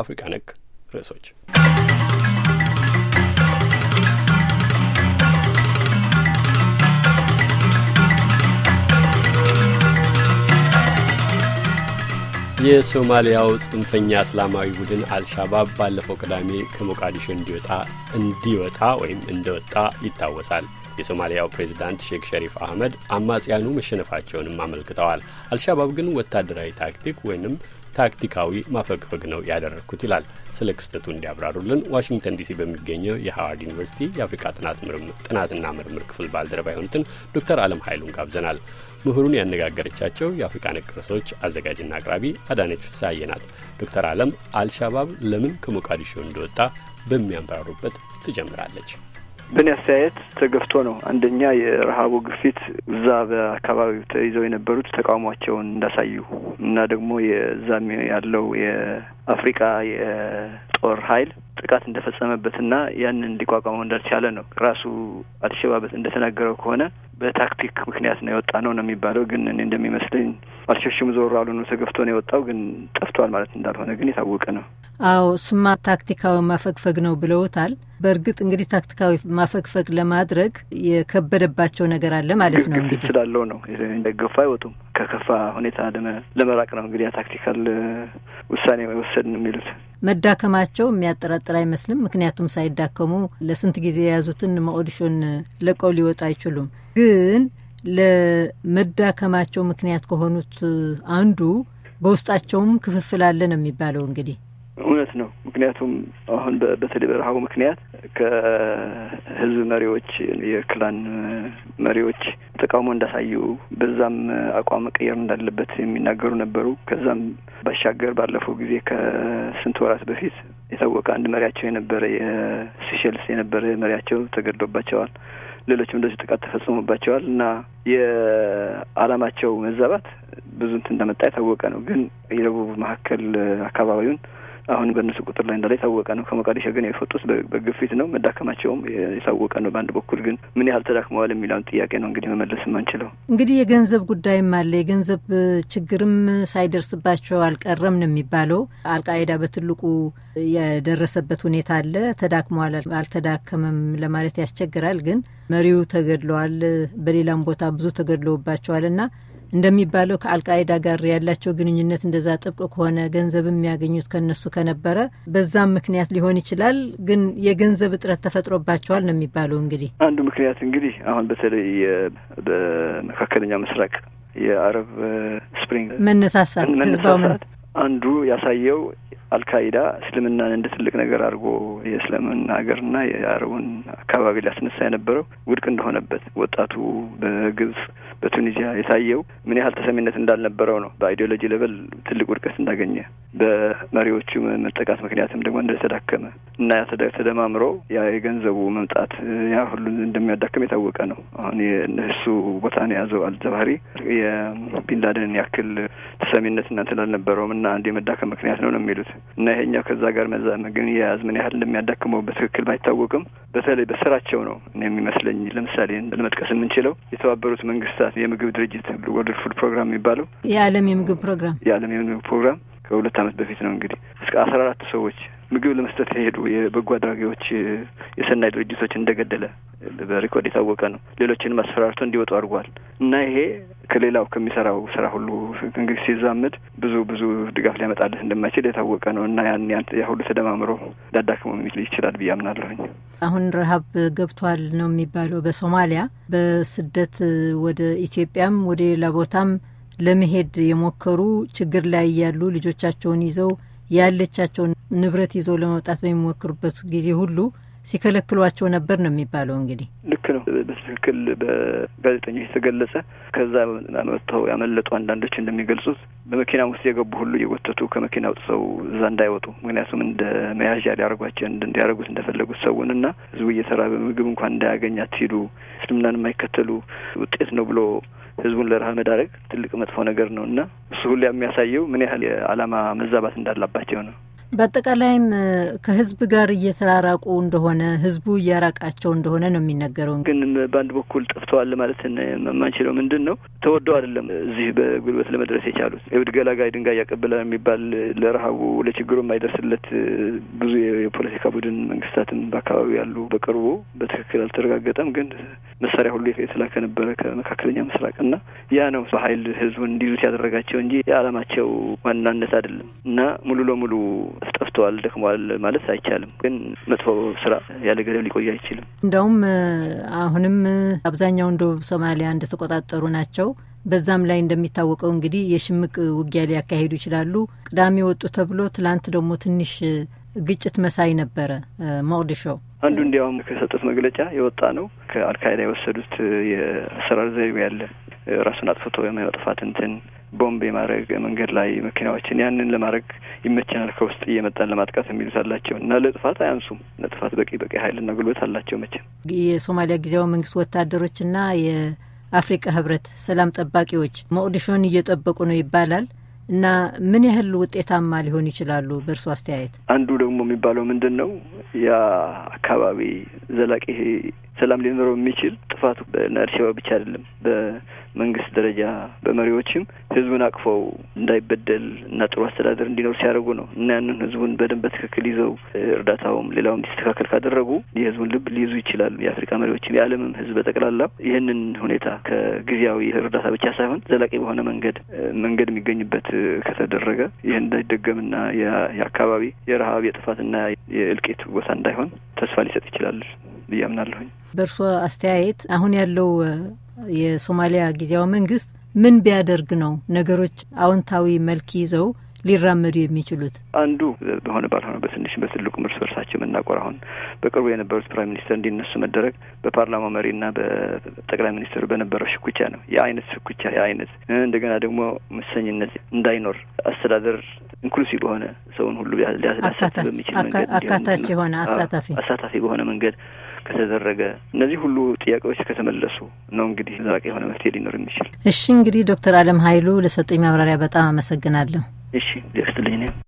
አፍሪካ ነክ ርዕሶች የሶማሊያው ጽንፈኛ እስላማዊ ቡድን አልሻባብ ባለፈው ቅዳሜ ከሞቃዲሾ እንዲወጣ እንዲወጣ ወይም እንደወጣ ይታወሳል። የሶማሊያው ፕሬዚዳንት ሼክ ሸሪፍ አህመድ አማጽያኑ መሸነፋቸውንም አመልክተዋል። አልሻባብ ግን ወታደራዊ ታክቲክ ወይንም ታክቲካዊ ማፈግፈግ ነው ያደረግኩት ይላል። ስለ ክስተቱ እንዲያብራሩልን ዋሽንግተን ዲሲ በሚገኘው የሃዋርድ ዩኒቨርሲቲ የአፍሪካ ጥናትና ምርምር ክፍል ባልደረባ የሆኑትን ዶክተር አለም ኃይሉን ጋብዘናል። ምሁሩን ያነጋገረቻቸው የአፍሪካ ነቅረሶች አዘጋጅና አቅራቢ አዳነች ፍስሐዬ ናት። ዶክተር አለም አልሻባብ ለምን ከሞቃዲሾ እንደወጣ በሚያንበራሩበት ትጀምራለች። በእኔ አስተያየት ተገፍቶ ነው። አንደኛ የረሃቡ ግፊት እዛ በአካባቢው ተይዘው የነበሩት ተቃውሟቸውን እንዳሳዩ እና ደግሞ የዛም ያለው የአፍሪቃ የጦር ኃይል ጥቃት እንደፈጸመበትና ያንን እንዲቋቋመው እንዳልቻለ ነው። ራሱ አልሸባበት እንደተናገረው ከሆነ በታክቲክ ምክንያት ነው የወጣ ነው ነው የሚባለው። ግን እኔ እንደሚመስለኝ አልሸሽም ዞር አሉ ነው ተገፍቶ ነው የወጣው። ግን ጠፍቷል ማለት እንዳልሆነ ግን የታወቀ ነው። አዎ እሱማ ታክቲካዊ ማፈግፈግ ነው ብለውታል። በእርግጥ እንግዲህ ታክቲካዊ ማፈግፈግ ለማድረግ የከበደባቸው ነገር አለ ማለት ነው። እንግዲህ ስላለው ነው ገፋ አይወጡም። ከከፋ ሁኔታ ለመራቅ ነው እንግዲህ ታክቲካል ውሳኔ ወሰድ ነው የሚሉት። መዳከማቸው የሚያጠራጥር አይመስልም። ምክንያቱም ሳይዳከሙ ለስንት ጊዜ የያዙትን መኦዲሾን ለቀው ሊወጡ አይችሉም። ግን ለመዳከማቸው ምክንያት ከሆኑት አንዱ በውስጣቸውም ክፍፍል አለ ነው የሚባለው እንግዲህ ማለት ነው። ምክንያቱም አሁን በተለይ በረሃቡ ምክንያት ከህዝብ መሪዎች፣ የክላን መሪዎች ተቃውሞ እንዳሳዩ በዛም አቋም መቀየር እንዳለበት የሚናገሩ ነበሩ። ከዛም ባሻገር ባለፈው ጊዜ ከስንት ወራት በፊት የታወቀ አንድ መሪያቸው የነበረ የሲሸልስ የነበረ መሪያቸው ተገድሎባቸዋል። ሌሎችም እንደዚህ ጥቃት ተፈጽሞባቸዋል እና የአላማቸው መዛባት ብዙ እንትን እንደመጣ የታወቀ ነው። ግን የደቡብ መካከል አካባቢውን አሁን በእነሱ ቁጥር ላይ እንዳለ የታወቀ ነው። ከሞቃዲሾ ግን የፈጡት በግፊት ነው። መዳከማቸውም የታወቀ ነው። በአንድ በኩል ግን ምን ያህል ተዳክመዋል የሚለውን ጥያቄ ነው እንግዲህ መመለስ የማንችለው። እንግዲህ የገንዘብ ጉዳይም አለ። የገንዘብ ችግርም ሳይደርስባቸው አልቀረም ነው የሚባለው። አልቃይዳ በትልቁ የደረሰበት ሁኔታ አለ። ተዳክመዋል አልተዳከመም ለማለት ያስቸግራል። ግን መሪው ተገድለዋል፣ በሌላም ቦታ ብዙ ተገድለውባቸዋል እና እንደሚባለው ከአልቃይዳ ጋር ያላቸው ግንኙነት እንደዛ ጥብቅ ከሆነ ገንዘብ የሚያገኙት ከነሱ ከነበረ በዛም ምክንያት ሊሆን ይችላል። ግን የገንዘብ እጥረት ተፈጥሮባቸዋል ነው የሚባለው። እንግዲህ አንዱ ምክንያት እንግዲህ አሁን በተለይ በመካከለኛ ምስራቅ የአረብ ስፕሪንግ መነሳሳት ህዝባው አንዱ ያሳየው አልካይዳ እስልምናን እንደ ትልቅ ነገር አድርጎ የእስላምን ሀገርና የአረቡን አካባቢ ሊያስነሳ የነበረው ውድቅ እንደሆነበት ወጣቱ በግብጽ በቱኒዚያ የታየው ምን ያህል ተሰሚነት እንዳልነበረው ነው። በአይዲዮሎጂ ሌቨል ትልቅ ውድቀት እንዳገኘ፣ በመሪዎቹ መጠቃት ምክንያትም ደግሞ እንደተዳከመ እና ተደማምሮ ያ የገንዘቡ መምጣት ያ ሁሉ እንደሚያዳክም የታወቀ ነው። አሁን እሱ ነው የያዘው አልዘባህሪ የቢንላደንን ያክል ተሰሚነት እናንትል አልነበረውም እና አንድ የመዳከም ምክንያት ነው ነው የሚሉት እና ይሄኛው ከዛ ጋር ግን የያዝ ምን ያህል እንደሚያዳክመው በትክክል አይታወቅም። በተለይ በስራቸው ነው እኔ የሚመስለኝ። ለምሳሌ ለመጥቀስ የምንችለው የተባበሩት መንግስታት የምግብ ድርጅት ወርልድ ፉድ ፕሮግራም የሚባለው የዓለም የምግብ ፕሮግራም የዓለም የምግብ ፕሮግራም ከሁለት ዓመት በፊት ነው እንግዲህ እስከ አስራ አራት ሰዎች ምግብ ለመስጠት የሄዱ የበጎ አድራጊዎች፣ የሰናይ ድርጅቶች እንደገደለ በሪኮርድ የታወቀ ነው። ሌሎችንም አስፈራርቶ እንዲወጡ አድርጓል እና ይሄ ከሌላው ከሚሰራው ስራ ሁሉ እንግዲህ ሲዛመድ ብዙ ብዙ ድጋፍ ሊያመጣለት እንደማይችል የታወቀ ነው እና ያን ያን ሁሉ ተደማምሮ ሊያዳክመው የሚችል ይችላል ብዬ አምናለሁኝ። አሁን ረሀብ ገብቷል ነው የሚባለው በሶማሊያ በስደት ወደ ኢትዮጵያም ወደ ሌላ ቦታም ለመሄድ የሞከሩ ችግር ላይ ያሉ ልጆቻቸውን ይዘው ያለቻቸውን ንብረት ይዘው ለመውጣት በሚሞክሩበት ጊዜ ሁሉ ሲከለክሏቸው ነበር ነው የሚባለው። እንግዲህ ልክ ነው በትክክል በጋዜጠኞች የተገለጸ ከዛ መጥተው ያመለጡ አንዳንዶች እንደሚገልጹት በመኪና ውስጥ የገቡ ሁሉ እየጎተቱ ከመኪና አውጥተው እዛ እንዳይወጡ ምክንያቱም እንደ መያዣ ሊያደርጓቸው እንዲያደርጉት እንደፈለጉት ሰውን እና ህዝቡ እየተራበ ምግብ እንኳን እንዳያገኝ አትሂዱ፣ እስልምናን የማይከተሉ ውጤት ነው ብሎ ህዝቡን ለረሀ መዳረግ ትልቅ መጥፎ ነገር ነው እና እሱ ሁሉ የሚያሳየው ምን ያህል የዓላማ መዛባት እንዳላባቸው ነው። በአጠቃላይም ከህዝብ ጋር እየተራራቁ እንደሆነ ህዝቡ እያራቃቸው እንደሆነ ነው የሚነገረው። ግን በአንድ በኩል ጠፍተዋል ማለት የማንችለው ምንድን ነው ተወደው አይደለም እዚህ በጉልበት ለመድረስ የቻሉት እብድ ገላጋይ ድንጋይ ያቀብላ የሚባል ለረሀቡ ለችግሩ የማይደርስለት ብዙ የፖለቲካ ቡድን መንግስታትም በአካባቢው ያሉ በቅርቡ በትክክል አልተረጋገጠም፣ ግን መሳሪያ ሁሉ የተላከ ነበረ ከመካከለኛ ምስራቅ እና ያ ነው በሀይል ህዝቡን እንዲይዙት ያደረጋቸው እንጂ የአላማቸው ዋናነት አይደለም እና ሙሉ ለሙሉ ለፍተዋል፣ ደክመዋል ማለት አይቻልም። ግን መጥፎ ስራ ያለ ገደብ ሊቆይ አይችልም። እንደውም አሁንም አብዛኛውን ደቡብ ሶማሊያ እንደተቆጣጠሩ ናቸው። በዛም ላይ እንደሚታወቀው እንግዲህ የሽምቅ ውጊያ ሊያካሄዱ ይችላሉ። ቅዳሜ ወጡ ተብሎ ትላንት ደግሞ ትንሽ ግጭት መሳይ ነበረ ሞቅዲሾ። አንዱ እንዲያውም ከሰጡት መግለጫ የወጣ ነው። ከአልካይዳ የወሰዱት የአሰራር ዘይቤ ያለ ራሱን አጥፍቶ የማጥፋት እንትን ቦምብ የማድረግ መንገድ ላይ መኪናዎችን ያንን ለማድረግ ይመቸናል ከውስጥ እየመጣን ለማጥቃት የሚሉት አላቸው እና ለጥፋት አያንሱም። ለጥፋት በቂ በቂ ኃይልና ጉልበት አላቸው። መቼም የሶማሊያ ጊዜያዊ መንግስት ወታደሮችና የአፍሪቃ ህብረት ሰላም ጠባቂዎች ሞቅዲሾን እየጠበቁ ነው ይባላል እና ምን ያህል ውጤታማ ሊሆኑ ይችላሉ በእርሱ አስተያየት? አንዱ ደግሞ የሚባለው ምንድን ነው ያ አካባቢ ዘላቂ ሰላም ሊኖረው የሚችል ጥፋቱ በአልሸባብ ብቻ አይደለም መንግስት ደረጃ በመሪዎችም ህዝቡን አቅፈው እንዳይበደል እና ጥሩ አስተዳደር እንዲኖር ሲያደርጉ ነው እና ያንን ህዝቡን በደንብ በትክክል ይዘው እርዳታውም ሌላውም እንዲስተካከል ካደረጉ የህዝቡን ልብ ሊይዙ ይችላሉ። የአፍሪካ መሪዎችም የዓለምም ህዝብ በጠቅላላ ይህንን ሁኔታ ከጊዜያዊ እርዳታ ብቻ ሳይሆን ዘላቂ በሆነ መንገድ መንገድ የሚገኝበት ከተደረገ ይህ እንዳይደገምና የአካባቢ የረሀብ የጥፋትና የእልቂት ቦታ እንዳይሆን ተስፋ ሊሰጥ ይችላል ብዬ አምናለሁኝ። በእርስዎ አስተያየት አሁን ያለው የሶማሊያ ጊዜያዊ መንግስት ምን ቢያደርግ ነው ነገሮች አዎንታዊ መልክ ይዘው ሊራመዱ የሚችሉት አንዱ በሆነ ባልሆነ በትንሽ በትልቁ እርስ በርሳቸው የምናቆር አሁን በቅርቡ የነበሩት ፕራይም ሚኒስተር እንዲነሱ መደረግ በፓርላማው መሪና በጠቅላይ ሚኒስትሩ በነበረው ሽኩቻ ነው። የአይነት ሽኩቻ የአይነት እንደገና ደግሞ መሰኝነት እንዳይኖር አስተዳደር ኢንክሉሲቭ በሆነ ሰውን ሁሉ ሊያሳትፍ በሚችል መንገድ አካታች የሆነ አሳታፊ አሳታፊ በሆነ መንገድ ከተደረገ እነዚህ ሁሉ ጥያቄዎች ከተመለሱ ነው እንግዲህ ዘላቂ የሆነ መፍትሄ ሊኖር የሚችል። እሺ እንግዲህ ዶክተር አለም ሀይሉ ለሰጡኝ ማብራሪያ በጣም አመሰግናለሁ። እሺ ስትልኝ